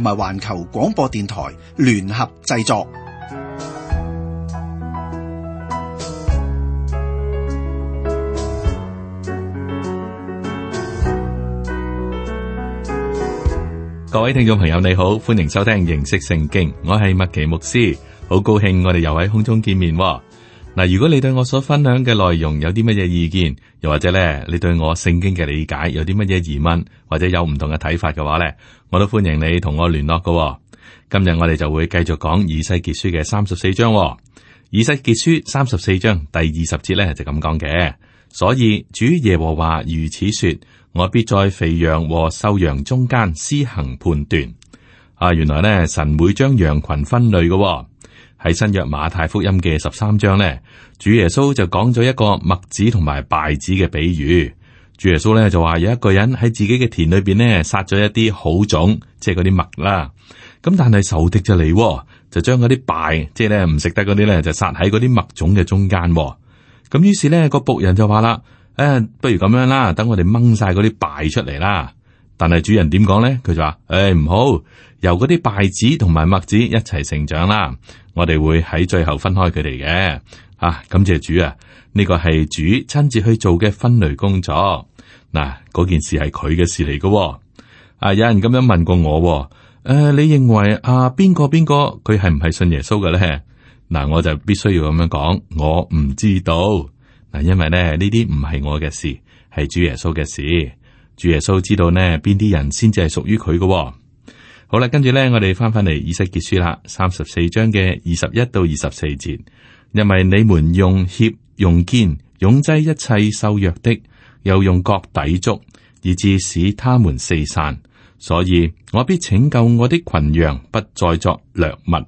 同埋環球廣播電台聯合製作。各位聽眾朋友，你好，歡迎收聽《認識聖經》，我係麥奇牧師，好高興我哋又喺空中見面。嗱，如果你對我所分享嘅內容有啲乜嘢意見，又或者咧，你對我聖經嘅理解有啲乜嘢疑問，或者有唔同嘅睇法嘅話咧，我都歡迎你同我聯絡㗎喎。今日我哋就會繼續講以西結書嘅三十四章喎。以西結書三十四章第二十節咧就咁講嘅，所以主耶和華如此說：我必在肥羊和瘦羊中間施行判斷。啊，原來咧神會將羊群分類㗎喎。喺新約馬太福音嘅十三章咧，主耶穌就講咗一個麥子同埋稗子嘅比喻。主耶穌咧就話有一個人喺自己嘅田裏邊咧，撒咗一啲好種，即係嗰啲麥啦。咁但係仇敵就嚟，就將嗰啲稗，即係咧唔食得嗰啲咧，就撒喺嗰啲麥種嘅中間。咁於是咧、那個僕人就話啦：誒、啊，不如咁樣啦，等我哋掹晒嗰啲稗出嚟啦。但係主人點講咧？佢就話：誒、欸，唔好。由嗰啲稗子同埋麥子一齊成長啦，我哋會喺最後分開佢哋嘅啊。感謝主啊，呢個係主親自去做嘅分類工作嗱。嗰件事係佢嘅事嚟噶。啊，有人咁樣問過我誒、啊，你認為啊邊個邊個佢係唔係信耶穌嘅咧？嗱、啊，我就必須要咁樣講，我唔知道嗱，因為咧呢啲唔係我嘅事，係主耶穌嘅事。主耶穌知道呢，邊啲人先至係屬於佢噶。好啦，跟住咧，我哋翻返嚟以西結書啦。三十四章嘅二十一到二十四節因為你們用脅用肩擁擠一切瘦弱的，又用角抵足，以致使他們四散。所以我必拯救我的群羊，不再作掠物。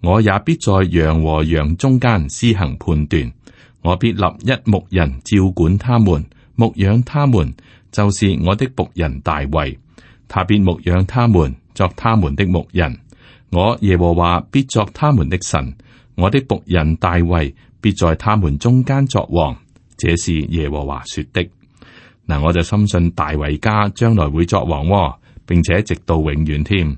我也必在羊和羊中間施行判斷。我必立一牧人照管他們，牧養他們，就是我的僕人大衛。他必牧養他們，作他們的牧人，我耶和華必作他們的神，我的僕人大衛必在他們中間作王，這是耶和華說的。嗱、嗯，我就深信大衛家將來會作王，哦，並且直到永遠添。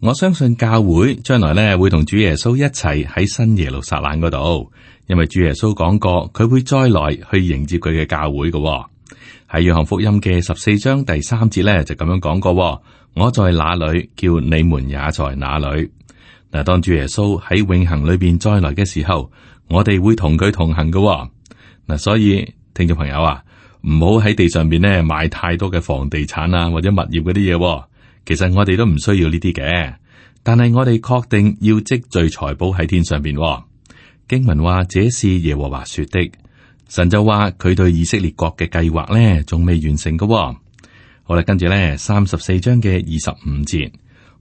我相信教會將來呢會同主耶穌一齊喺新耶路撒冷嗰度，因為主耶穌講過佢會再來去迎接佢嘅教會嘅，哦。喺約翰福音嘅十四章第三節咧就咁樣講過、哦，我在哪裏叫你們也在哪裏。嗱，當主耶穌喺永恒裏邊再來嘅時候，我哋會同佢同行嘅。嗱，所以聽眾朋友啊，唔好喺地上邊咧買太多嘅房地產啊或者物業嗰啲嘢。其實我哋都唔需要呢啲嘅，但係我哋確定要積聚財寶喺天上邊。經文話，這是耶和華說的。神就話佢對以色列國嘅計劃呢仲未完成㗎喎。好啦，跟住呢三十四章嘅二十五節，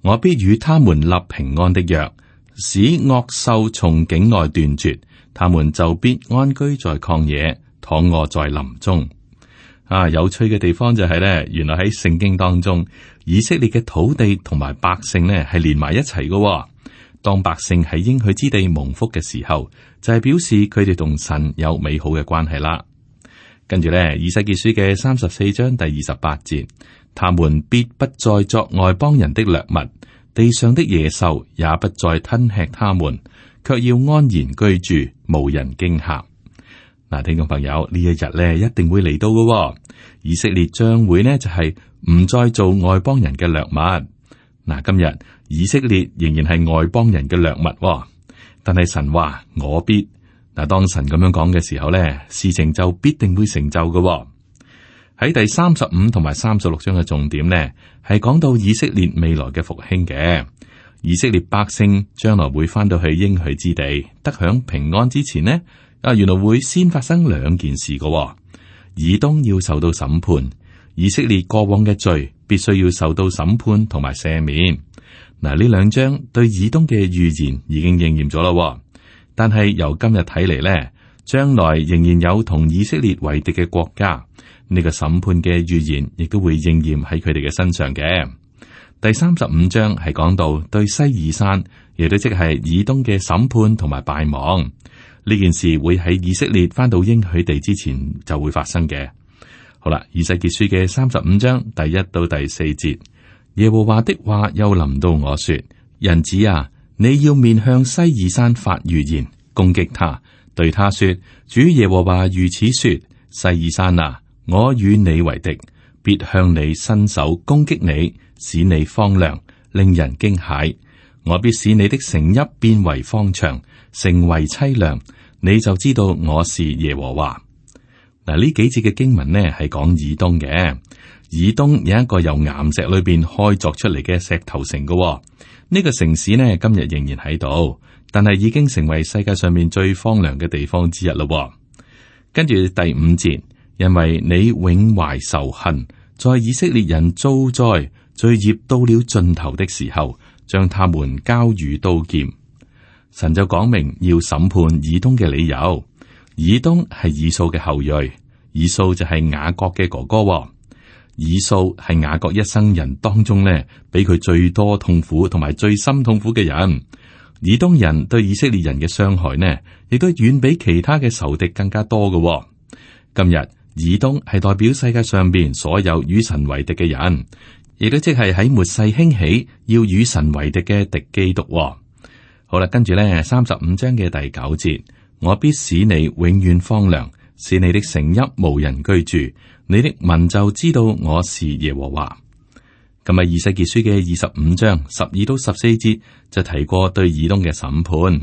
我必與他們立平安的約，使惡獸從境外斷絕，他們就必安居在曠野，躺臥在林中。啊，有趣嘅地方就係呢，原來喺聖經當中，以色列嘅土地同埋百姓呢係連埋一齊㗎喎。當百姓喺應許之地蒙福嘅時候，就係、是、表示佢哋同神有美好嘅關係啦。跟住咧，以西結書嘅三十四章第二十八節，他們必不再作外邦人的掠物，地上的野獸也不再吞吃他們，卻要安然居住，無人驚嚇。嗱、啊，聽眾朋友，呢一日咧，一定會嚟到噶、哦。以色列將會呢，就係、是、唔再做外邦人嘅掠物。嗱、啊，今日。以色列仍然係外邦人嘅掠物，哦，但係神話我必嗱。當神咁樣講嘅時候呢，事情就必定會成就嘅，哦。喺第三十五同埋三十六章嘅重點呢，係講到以色列未來嘅復興嘅。以色列百姓將來會翻到去應許之地，得享平安之前呢，啊，原來會先發生兩件事嘅。以東要受到審判，以色列過往嘅罪必須要受到審判同埋赦免。嗱，呢兩章對以東嘅預言已經應驗咗咯，但係由今日睇嚟，呢，將來仍然有同以色列為敵嘅國家，呢個審判嘅預言亦都會應驗喺佢哋嘅身上嘅。第三十五章係講到對西爾山，亦都即係以東嘅審判同埋敗亡呢件事會喺以色列翻到應許地之前就會發生嘅。好啦，以西結書嘅三十五章第一到第四節。耶和華的話又臨到我說：人子啊，你要面向西爾山發預言，攻擊他，對他說：主耶和華如此說：西爾山啊，我與你為敵，必向你伸手攻擊你，使你荒涼，令人驚駭。我必使你的城邑變為荒場，成為凄涼，你就知道我是耶和華。嗱，呢幾節嘅經文呢係講以東嘅。以東有一個由岩石裏邊開鑿出嚟嘅石頭城、哦。噶、這、呢個城市呢，今日仍然喺度，但係已經成為世界上面最荒涼嘅地方之一啦、哦。跟住第五節，因為你永懷仇恨，在以色列人遭災罪孽到了盡頭的時候，將他們交予刀劍。神就講明要審判以東嘅理由。以東係以掃嘅後裔，以掃就係雅各嘅哥哥、哦。以掃係雅各一生人當中呢，俾佢最多痛苦同埋最深痛苦嘅人。以東人對以色列人嘅傷害呢，亦都遠比其他嘅仇敵更加多嘅。今日以東係代表世界上邊所有與神為敵嘅人，亦都即係喺末世興起要與神為敵嘅敵基督。好啦，跟住呢，三十五章嘅第九節，我必使你永遠荒涼，使你的城邑無人居住，你的民就知道我是耶和華。今日以西結書嘅二十五章十二到十四節就提過對以東嘅審判。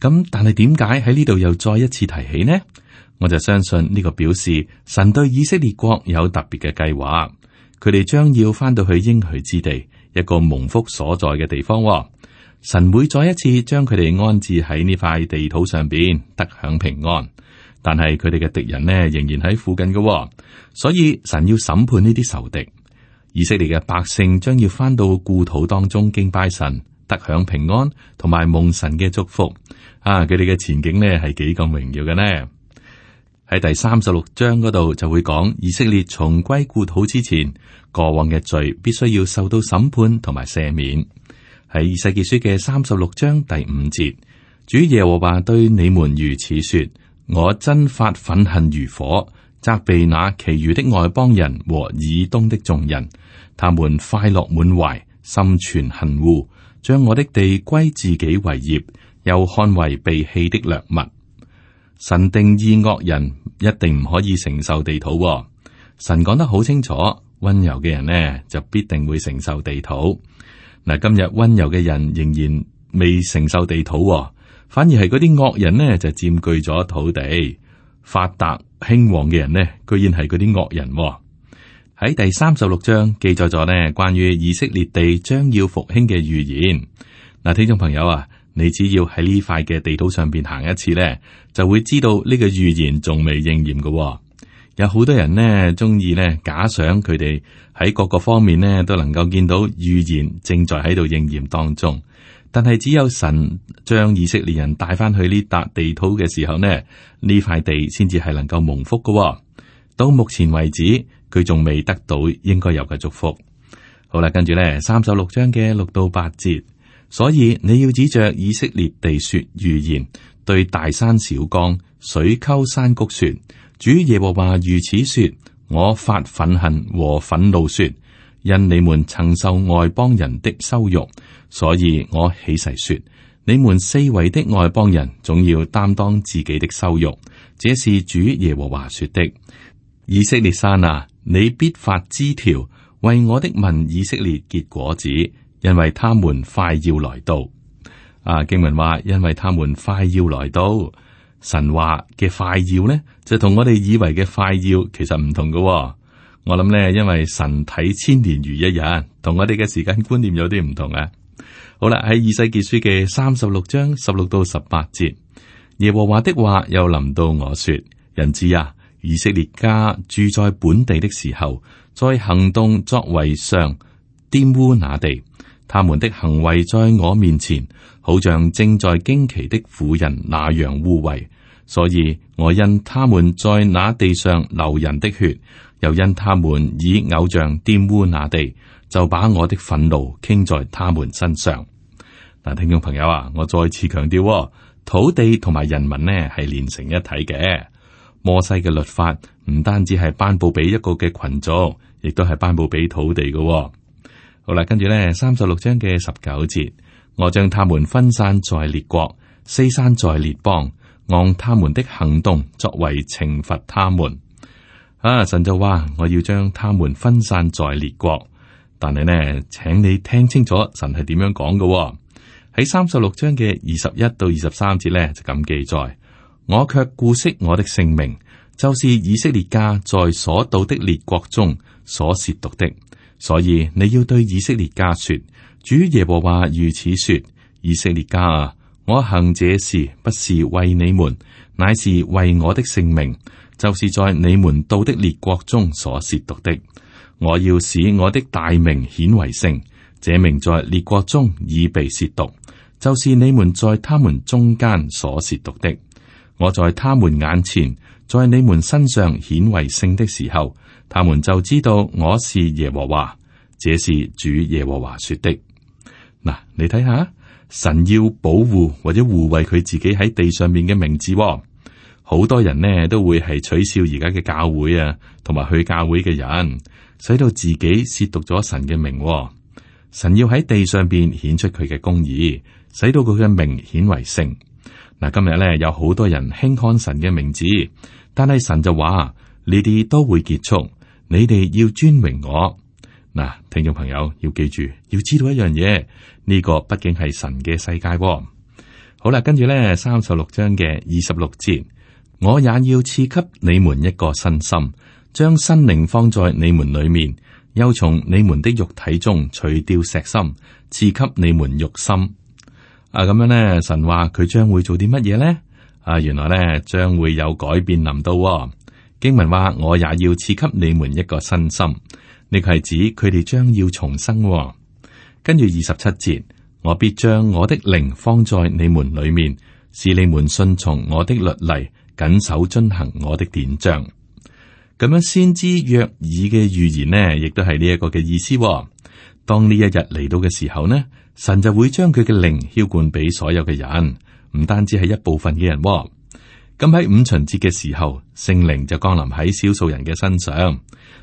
咁但係點解喺呢度又再一次提起呢？我就相信呢個表示神對以色列國有特別嘅計劃，佢哋將要翻到去應許之地，一個蒙福所在嘅地方。神會再一次將佢哋安置喺呢塊地土上邊，得享平安。但係佢哋嘅敵人呢，仍然喺附近嘅、哦，所以神要審判呢啲仇敵。以色列嘅百姓將要返到故土當中敬拜神，得享平安同埋蒙神嘅祝福。啊，佢哋嘅前景呢，係幾咁榮耀嘅呢？喺第三十六章嗰度就會講，以色列重歸故土之前，過往嘅罪必須要受到審判同埋赦免。喺《以西結書》嘅三十六章第五節，主耶和華對你們如此說。我真發憤恨如火，責備那其餘的外邦人和以東的眾人，他們快樂滿懷，心存恨惡，將我的地歸自己為業，又看為被棄的掠物。神定義惡人一定唔可以承受地土，哦，神講得好清楚，温柔嘅人呢就必定會承受地土。嗱，今日温柔嘅人仍然未承受地土，哦。反而係嗰啲惡人呢，就佔據咗土地，發達興旺嘅人呢，居然係嗰啲惡人喎。喺第三十六章記載咗呢，關於以色列地將要復興嘅預言。嗱，聽眾朋友啊，你只要喺呢塊嘅地圖上邊行一次呢，就會知道呢個預言仲未應驗嘅喎。有好多人呢，中意呢，假想佢哋喺各個方面呢，都能夠見到預言正在喺度應驗當中。但係只有神將以色列人帶翻去呢笪地土嘅時候呢，呢塊地先至係能夠蒙福噶哦。到目前為止，佢仲未得到應該有嘅祝福。好啦，跟住咧，三十六章嘅六到八節，所以你要指着以色列地說預言，對大山小岡、水溝山谷說，主耶和華如此說：我發憤恨和憤怒說。因你們曾受外邦人的羞辱，所以我起誓說，你們四圍的外邦人總要擔當自己的羞辱。這是主耶和華說的。以色列山啊，你必發枝條，為我的民以色列結果子，因為他們快要來到。啊，經文話，因為他們快要來到，神話嘅快要呢，就同我哋以為嘅快要其實唔同嘅，哦。我諗呢，因為神睇千年如一日，同我哋嘅時間觀念有啲唔同啊。好啦，喺《以西結書》嘅三十六章十六到十八節，耶和華的話又臨到我說：人子啊，以色列家住在本地的時候，在行動作為上玷污那地，他們的行為在我面前，好像正在驚奇的婦人那樣污穢，所以我因他們在那地上流人的血。又因他們以偶像玷污那地，就把我的憤怒傾在他們身上。嗱，聽眾朋友啊，我再次強調，土地同埋人民呢係連成一體嘅。摩西嘅律法唔單止係頒布俾一個嘅群組，亦都係頒布俾土地嘅。好啦，跟住咧，三十六章嘅十九節，我將他們分散在列國，四散在列邦，按他們的行動作為懲罰他們。啊！神就話：我要將他們分散在列國，但係呢，請你聽清楚神，哦，神係點樣講嘅？喺三十六章嘅二十一到二十三節呢就咁記載：我卻顧惜我的聖名，就是以色列家在所到的列國中所褻瀆的。所以你要對以色列家說：主耶和華如此說：以色列家啊，我行這事不是為你們，乃是為我的聖名。就是在你們到的列國中所褻瀆的，我要使我的大名顯為聖。這名在列國中已被褻瀆，就是你們在他們中間所褻瀆的。我在他們眼前，在你們身上顯為聖的時候，他們就知道我是耶和華。這是主耶和華說的。嗱，你睇下，神要保護或者護衛佢自己喺地上面嘅名字、哦。好多人呢都會係取笑而家嘅教會啊，同埋去教會嘅人，使到自己褻瀆咗神嘅名，哦。神要喺地上邊顯出佢嘅公義，使到佢嘅名顯為聖。嗱，今日呢有好多人輕看神嘅名字，但係神就話：呢啲都會結束，你哋要尊榮我。嗱，聽眾朋友要記住，要知道一樣嘢，呢個畢竟係神嘅世界，哦。好啦，跟住呢三十六章嘅二十六節。我也要賜給你們一個新心，將新靈放在你們裏面，又從你們的肉體中除掉石心，賜給你們肉心。啊，咁樣呢，神話佢將會做啲乜嘢呢？啊，原來呢，將會有改變臨到喎。經文話，我也要賜給你們一個新心，呢個係指佢哋將要重生喎。跟住二十七節，我必將我的靈放在你們裏面。使你們順從我的律例，謹守遵行我的典章。咁樣先知約爾嘅預言呢，亦都係呢一個嘅意思、哦。當呢一日嚟到嘅時候呢，神就會將佢嘅靈澆灌俾所有嘅人，唔單止係一部分嘅人、哦。咁喺五旬節嘅時候，聖靈就降臨喺少數人嘅身上。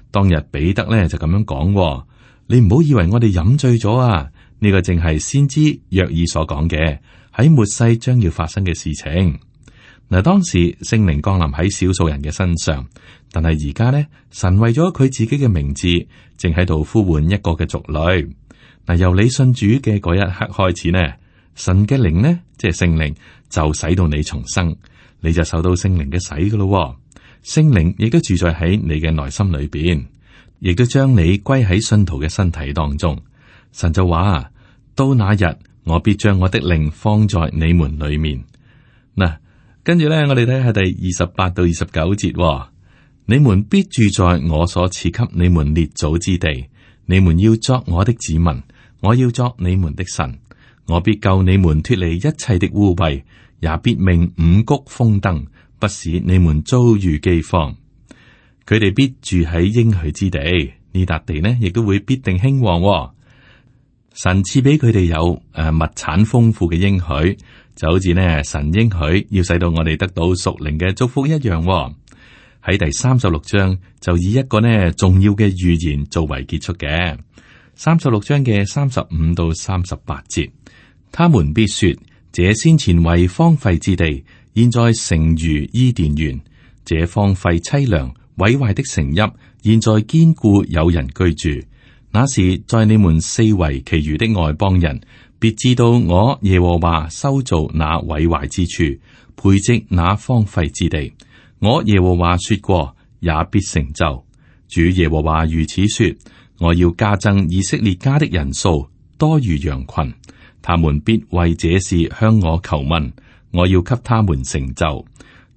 當日彼得呢，就咁樣講、哦，你唔好以為我哋飲醉咗啊，呢、呢個正係先知約爾所講嘅，喺末世將要發生嘅事情，嗱，當時聖靈降臨喺少數人嘅身上，但係而家咧，神為咗佢自己嘅名字，正喺度呼喚一個嘅族類。嗱，由你信主嘅嗰一刻開始呢，神嘅靈呢，即係聖靈，就使到你重生，你就受到聖靈嘅洗噶咯。聖靈亦都住在喺你嘅內心裏邊，亦都將你歸喺信徒嘅身體當中。神就話，到那日。我必將我的靈放在你們裏面。跟住咧，我哋睇下第二十八到二十九節。你們必住在我所賜給你們列祖之地。你們要作我的子民，我要作你們的神。我必救你們脫離一切的污穢，也必命五穀豐登，不使你們遭遇饑荒。佢哋必住喺應許之地，呢笪地呢亦都會必定興旺。神賜俾佢哋有誒、啊、物產豐富嘅應許，就好似呢神應許要使到我哋得到屬靈嘅祝福一樣、哦。喺第三十六章就以一個呢重要嘅預言作為結束嘅。三十六章嘅三十五到三十八節，他們必說：這先前為荒廢之地，現在成如伊甸園；這荒廢淒涼毀壞的城邑，現在堅固有人居住。那時，在你們四圍其餘的外邦人，別知道我耶和華修造那毀壞之處，培植那荒廢之地。我耶和華說過，也必成就。主耶和華如此說：我要加增以色列家的人數，多如羊群。他們必為這事向我求問，我要給他們成就。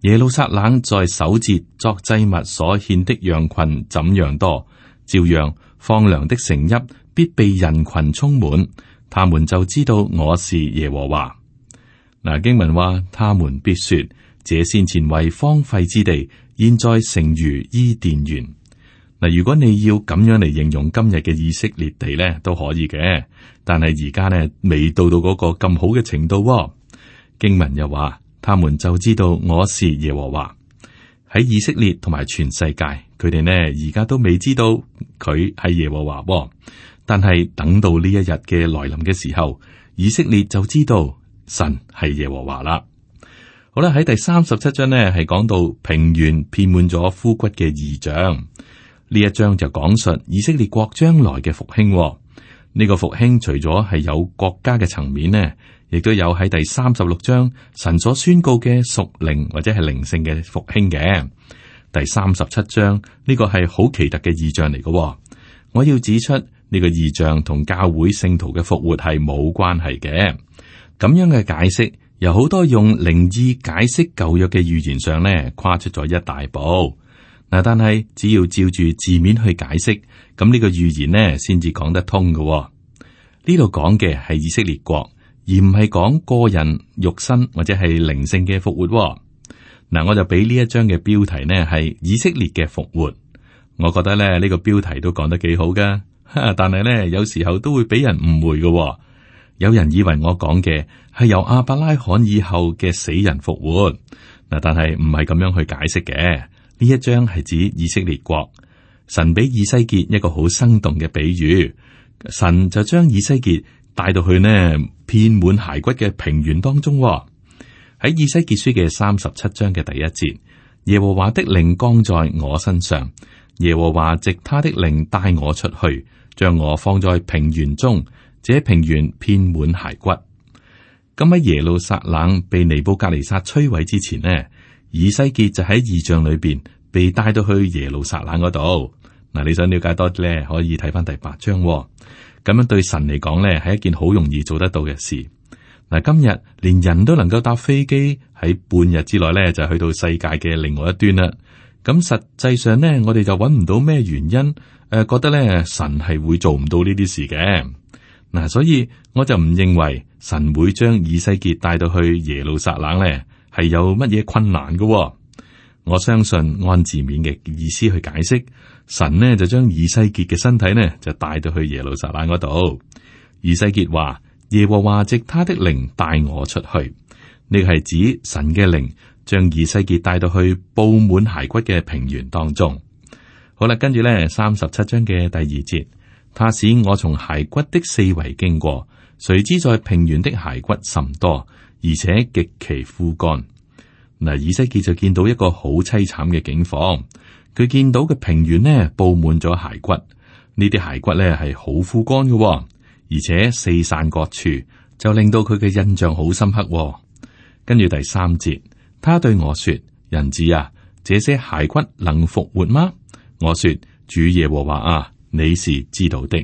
耶路撒冷在守節作祭物所獻的羊群怎樣多，照樣。荒涼的城邑必被人群充滿，他們就知道我是耶和華。嗱，經文話，他們必說：這先前為荒廢之地，現在成如伊甸園。嗱，如果你要咁樣嚟形容今日嘅以色列地咧，都可以嘅。但係而家咧，未到到嗰個咁好嘅程度，哦。經文又話，他們就知道我是耶和華喺以色列同埋全世界。佢哋呢，而家都未知道。佢係耶和華，但係等到呢一日嘅來臨嘅時候，以色列就知道神係耶和華啦。好啦，喺第三十七章呢，係講到平原遍滿咗枯骨嘅異象，呢一章就講述以色列國將來嘅復興呢。呢、呢個復興除咗係有國家嘅層面呢，亦都有喺第三十六章神所宣告嘅屬靈或者係靈性嘅復興嘅。第三十七章呢、呢個係好奇特嘅異象嚟嘅、哦，我要指出呢、呢個異象同教會聖徒嘅復活係冇關係嘅。咁樣嘅解釋，由好多用靈意解釋舊約嘅預言上呢跨出咗一大步。嗱，但係只要照住字面去解釋，咁、這、呢個預言呢先至講得通嘅、哦。呢度講嘅係以色列國，而唔係講個人肉身或者係靈性嘅復活、哦。嗱，我就俾呢一張嘅標題呢係以色列嘅復活。我覺得咧呢、這個標題都講得幾好㗎，但係呢，有時候都會俾人誤會嘅、哦。有人以為我講嘅係由亞伯拉罕以後嘅死人復活，嗱，但係唔係咁樣去解釋嘅。呢一張係指以色列國，神俾以西結一個好生動嘅比喻，神就將以西結帶到去呢片滿骸骨嘅平原當中、哦。喺以西結書嘅三十七章嘅第一節，耶和華的靈降在我身上，耶和華藉他的靈帶我出去，將我放在平原中，這平原遍滿骸骨。咁喺耶路撒冷被尼布甲尼撒摧毀之前呢，以西結就喺異象裏邊被帶到去耶路撒冷嗰度。嗱，你想了解多啲咧，可以睇翻第八章哦。咁樣對神嚟講咧，係一件好容易做得到嘅事。嗱，今日連人都能夠搭飛機喺半日之內咧，就去到世界嘅另外一端啦。咁實際上咧，我哋就揾唔到咩原因，誒、呃，覺得咧，神係會做唔到呢啲事嘅。嗱、啊，所以我就唔認為神會將以西結帶到去耶路撒冷咧，係有乜嘢困難嘅、哦。我相信按字面嘅意思去解釋，神呢就將以西結嘅身體呢就帶到去耶路撒冷嗰度。以西結話。耶和華藉他的靈帶我出去，呢個係指神嘅靈將以西結帶到去布滿骸骨嘅平原當中。好啦，跟住咧三十七章嘅第二節，他使我從骸骨的四圍經過，誰知在平原的骸骨甚多，而且極其枯乾。嗱，以西結就見到一個好淒慘嘅景況，佢見到嘅平原呢，布滿咗骸骨。呢啲骸骨咧係好枯乾嘅、哦。而且四散各處，就令到佢嘅印象好深刻、哦。跟住第三節，他對我說：人子啊，這些骸骨能復活嗎？我說：主耶和華啊，你是知道的。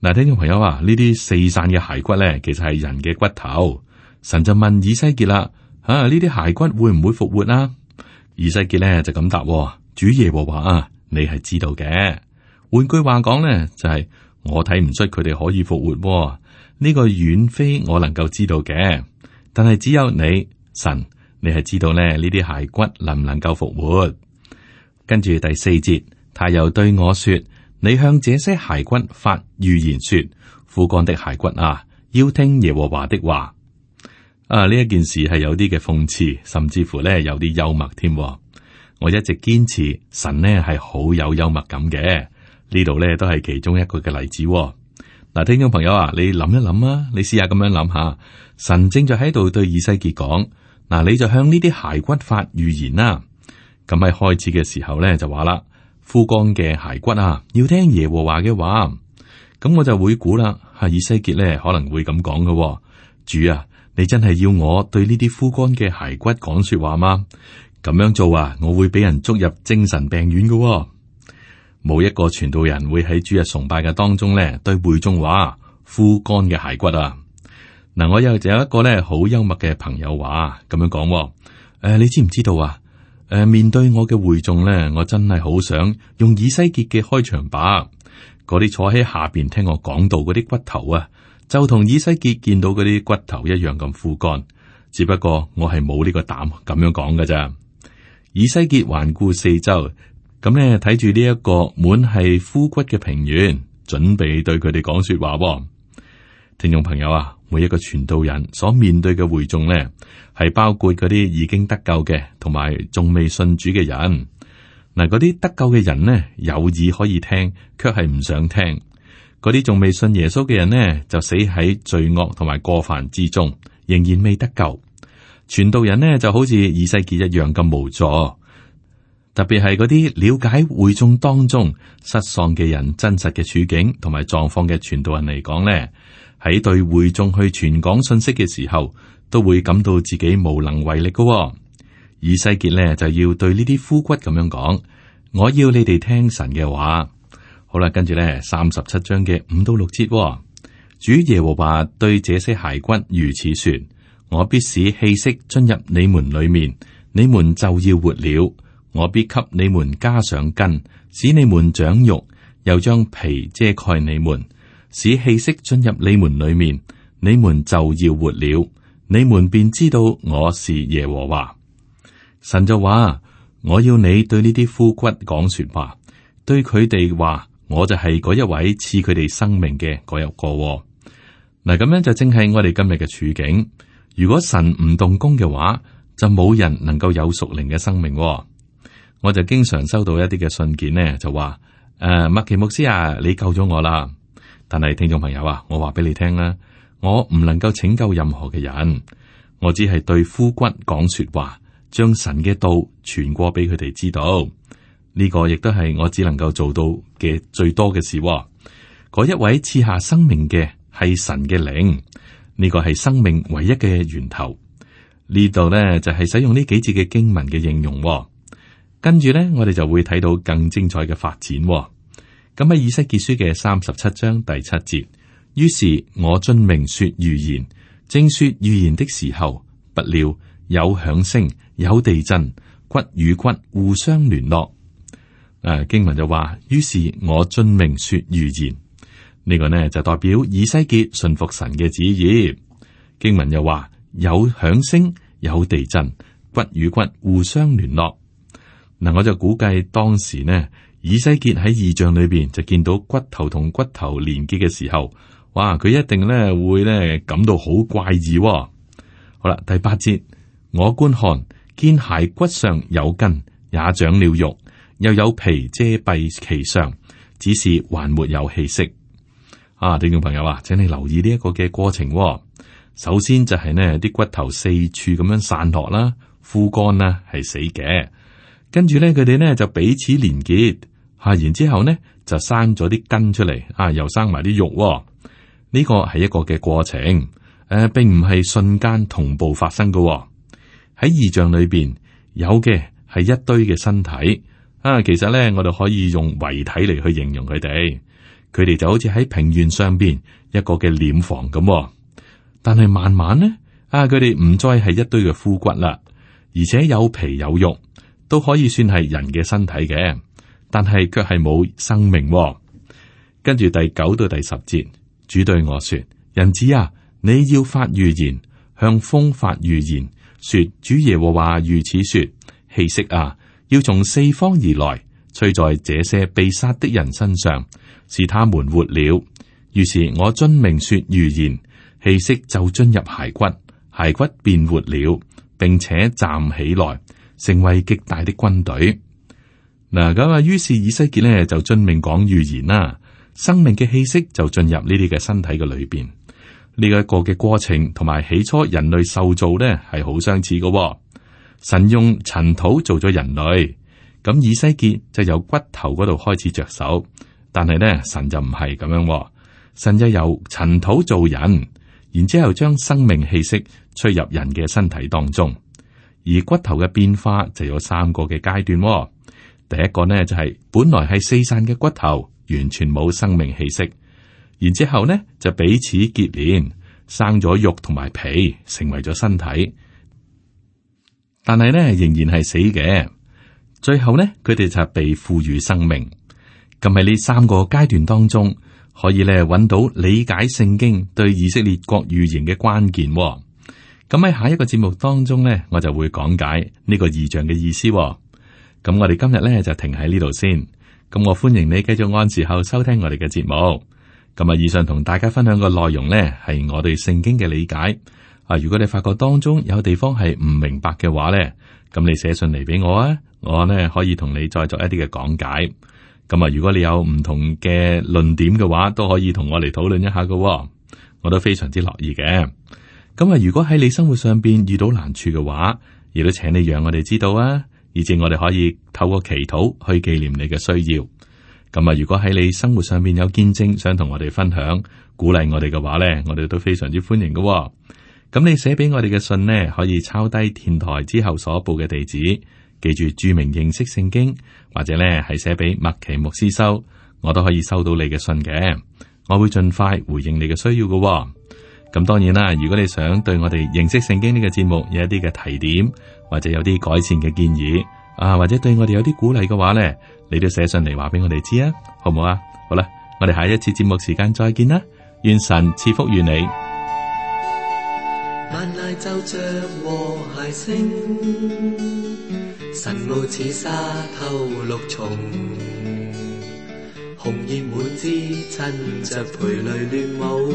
嗱、嗯，聽眾朋友啊，呢啲四散嘅骸骨咧，其實係人嘅骨頭。神就問以西結啦、啊：啊，呢啲骸骨會唔會復活啊？以西結咧就咁答、哦：主耶和華啊，你係知道嘅。換句話講咧，就係、是。我睇唔出佢哋可以復活、哦，呢、這個遠非我能夠知道嘅。但係只有你神，你係知道呢，呢啲骸骨能唔能夠復活。跟住第四節，他又對我說：，你向這些骸骨發預言說：，枯乾的骸骨啊，要聽耶和華的話。啊，呢一件事係有啲嘅諷刺，甚至乎咧有啲幽默添。我一直堅持神咧係好有幽默感嘅。呢度咧都係其中一個嘅例子，哦。嗱，聽眾朋友啊，你諗一諗啊，你試下咁樣諗下。神正在喺度對以西結講，嗱，你就向呢啲骸骨發預言啦，啊。咁喺開始嘅時候咧就話啦，枯乾嘅骸骨啊，要聽耶和華嘅話。咁我就會估啦，哈，啊，以西結咧可能會咁講嘅。主啊，你真係要我對呢啲枯乾嘅骸骨講說話嗎？咁樣做啊，我會俾人捉入精神病院嘅，哦。冇一個傳道人會喺主日崇拜嘅當中咧，對會眾話枯乾嘅骸骨啊！嗱，我又有一個咧好幽默嘅朋友話咁樣講，誒、啊，你知唔知道啊？誒，面對我嘅會眾咧，我真係好想用以西結嘅開場白，嗰啲坐喺下邊聽我講道嗰啲骨頭啊，就同以西結見到嗰啲骨頭一樣咁枯乾，只不過我係冇呢個膽咁樣講噶咋。以西結環顧四周。咁咧睇住呢一個滿係枯骨嘅平原，準備對佢哋講說話。聽眾朋友啊，每一個傳道人所面對嘅會眾呢，係包括嗰啲已經得救嘅，同埋仲未信主嘅人。嗱，嗰啲得救嘅人呢，有耳可以聽，卻係唔想聽；嗰啲仲未信耶穌嘅人呢，就死喺罪惡同埋過犯之中，仍然未得救。傳道人呢，就好似以西結一樣咁無助。特別係嗰啲了解會眾當中失喪嘅人真實嘅處境同埋狀況嘅傳道人嚟講咧，喺對會眾去傳講信息嘅時候，都會感到自己無能為力噶、哦。而以西結咧就要對呢啲枯骨咁樣講：我要你哋聽神嘅話。好啦，跟住咧三十七章嘅五到六節、哦，主耶和華對這些骸骨如此說：我必使氣息進入你們裏面，你們就要活了。我必給你們加上根，使你們長肉，又將皮遮蓋你們，使氣息進入你們裏面，你們就要活了。你們便知道我是耶和華神。神就話我要你對呢啲枯骨講說話，對佢哋話我就係嗰一位賜佢哋生命嘅嗰一個嗱。咁樣就正係我哋今日嘅處境。如果神唔動工嘅話，就冇人能夠有屬靈嘅生命。我就經常收到一啲嘅信件呢，就話，誒、啊，麥琪牧師啊，你救咗我啦。但係聽眾朋友啊，我話俾你聽啦，我唔能夠拯救任何嘅人，我只係對枯骨講說話，將神嘅道傳過俾佢哋知道。呢、這個亦都係我只能夠做到嘅最多嘅事、哦。嗰一位賜下生命嘅係神嘅靈，呢、這個係生命唯一嘅源頭。呢度呢，就係、是、使用呢幾節嘅經文嘅應用、哦。跟住呢，我哋就會睇到更精彩嘅發展、哦。咁喺以西結書嘅三十七章第七節，於是我遵命說預言。正說預言的時候，不料有響聲，有地震，骨與骨互相聯絡。誒、啊，經文就話，於是我遵命說預言。呢、這個呢就代表以西結信服神嘅旨意。經文又話有響聲，有地震，骨與骨互相聯絡。嗱，我就估計當時呢，以西結喺異象裏邊就見到骨頭同骨頭連結嘅時候，哇，佢一定咧會咧感到好怪異、哦。好啦，第八節，我觀看見骸骨上有筋，也長了肉，又有皮遮蔽其上，只是還沒有氣息。啊，聽眾朋友啊，請你留意呢一個嘅過程、哦。首先就係呢啲骨頭四處咁樣散落啦，枯乾啦係死嘅。跟住咧，佢哋咧就彼此連結吓、啊，然之後咧就生咗啲根出嚟，啊，又生埋啲肉、哦。呢、這個係一個嘅過程，誒、啊，並唔係瞬間同步發生㗎、哦。喺異象裏邊有嘅係一堆嘅身體啊，其實咧我哋可以用遺體嚟去形容佢哋，佢哋就好似喺平原上邊一個嘅殮房咁、哦。但係慢慢咧啊，佢哋唔再係一堆嘅枯骨啦，而且有皮有肉。都可以算係人嘅身體嘅，但係卻係冇生命喎。跟住第九到第十節，主對我說：人子啊，你要發預言，向風發預言，說主耶和華如此說：氣息啊，要從四方而來，吹在這些被殺的人身上，使他們活了。於是我遵命說預言，氣息就進入骸骨，骸骨便活了，並且站起來。成為極大的軍隊嗱，咁啊！於是以西結呢就遵命講預言啦，生命嘅氣息就進入呢啲嘅身體嘅裏邊，呢、這個、一個嘅過程同埋起初人類受造呢係好相似嘅。神用塵土做咗人類，咁以西結就由骨頭嗰度開始着手，但係呢，神就唔係咁樣，神就由塵土做人，然之後將生命氣息吹入人嘅身體當中。而骨頭嘅變化就有三個嘅階段、哦。第一個呢，就係、是、本來係四散嘅骨頭，完全冇生命氣息。然之後呢就彼此結連，生咗肉同埋皮，成為咗身體。但係呢，仍然係死嘅。最後呢，佢哋就被賦予生命。咁喺呢三個階段當中，可以咧揾到理解聖經對以色列國預言嘅關鍵、哦。咁喺下一個節目當中呢，我就會講解呢個異象嘅意思、哦。咁我哋今日呢，就停喺呢度先。咁我歡迎你繼續按時候收聽我哋嘅節目。咁啊，以上同大家分享嘅內容呢，係我對聖經嘅理解。啊，如果你發覺當中有地方係唔明白嘅話呢，咁你寫信嚟俾我啊，我呢可以同你再做一啲嘅講解。咁啊，如果你有唔同嘅論點嘅話，都可以同我嚟討論一下噶、哦。我都非常之樂意嘅。咁啊！如果喺你生活上邊遇到難處嘅話，亦都請你讓我哋知道啊，以至我哋可以透過祈禱去紀念你嘅需要。咁啊！如果喺你生活上邊有見證想同我哋分享，鼓勵我哋嘅話咧，我哋都非常之歡迎嘅，哦。咁你寫俾我哋嘅信呢，可以抄低電台之後所報嘅地址，記住注明認識聖經，或者咧係寫俾麥奇牧師收，我都可以收到你嘅信嘅。我會儘快回應你嘅需要嘅，哦。咁當然啦，如果你想對我哋認識聖經呢個節目有一啲嘅提點，或者有啲改善嘅建議啊，或者對我哋有啲鼓勵嘅話咧，你都寫上嚟話俾我哋知啊，好唔好啊？好啦，我哋下一次節目時間再見啦，願神賜福與你。萬籟奏和諧聲，神霧似沙透綠，紅葉滿枝襯着陪侶亂舞。